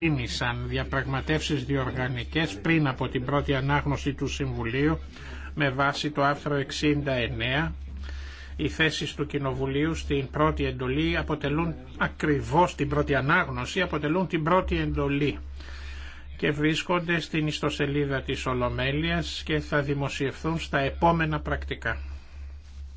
ξεκίνησαν διαπραγματεύσεις διοργανικές πριν από την πρώτη ανάγνωση του Συμβουλίου με βάση το άρθρο 69. Οι θέσεις του Κοινοβουλίου στην πρώτη εντολή αποτελούν ακριβώς την πρώτη ανάγνωση, αποτελούν την πρώτη εντολή και βρίσκονται στην ιστοσελίδα της Ολομέλειας και θα δημοσιευθούν στα επόμενα πρακτικά.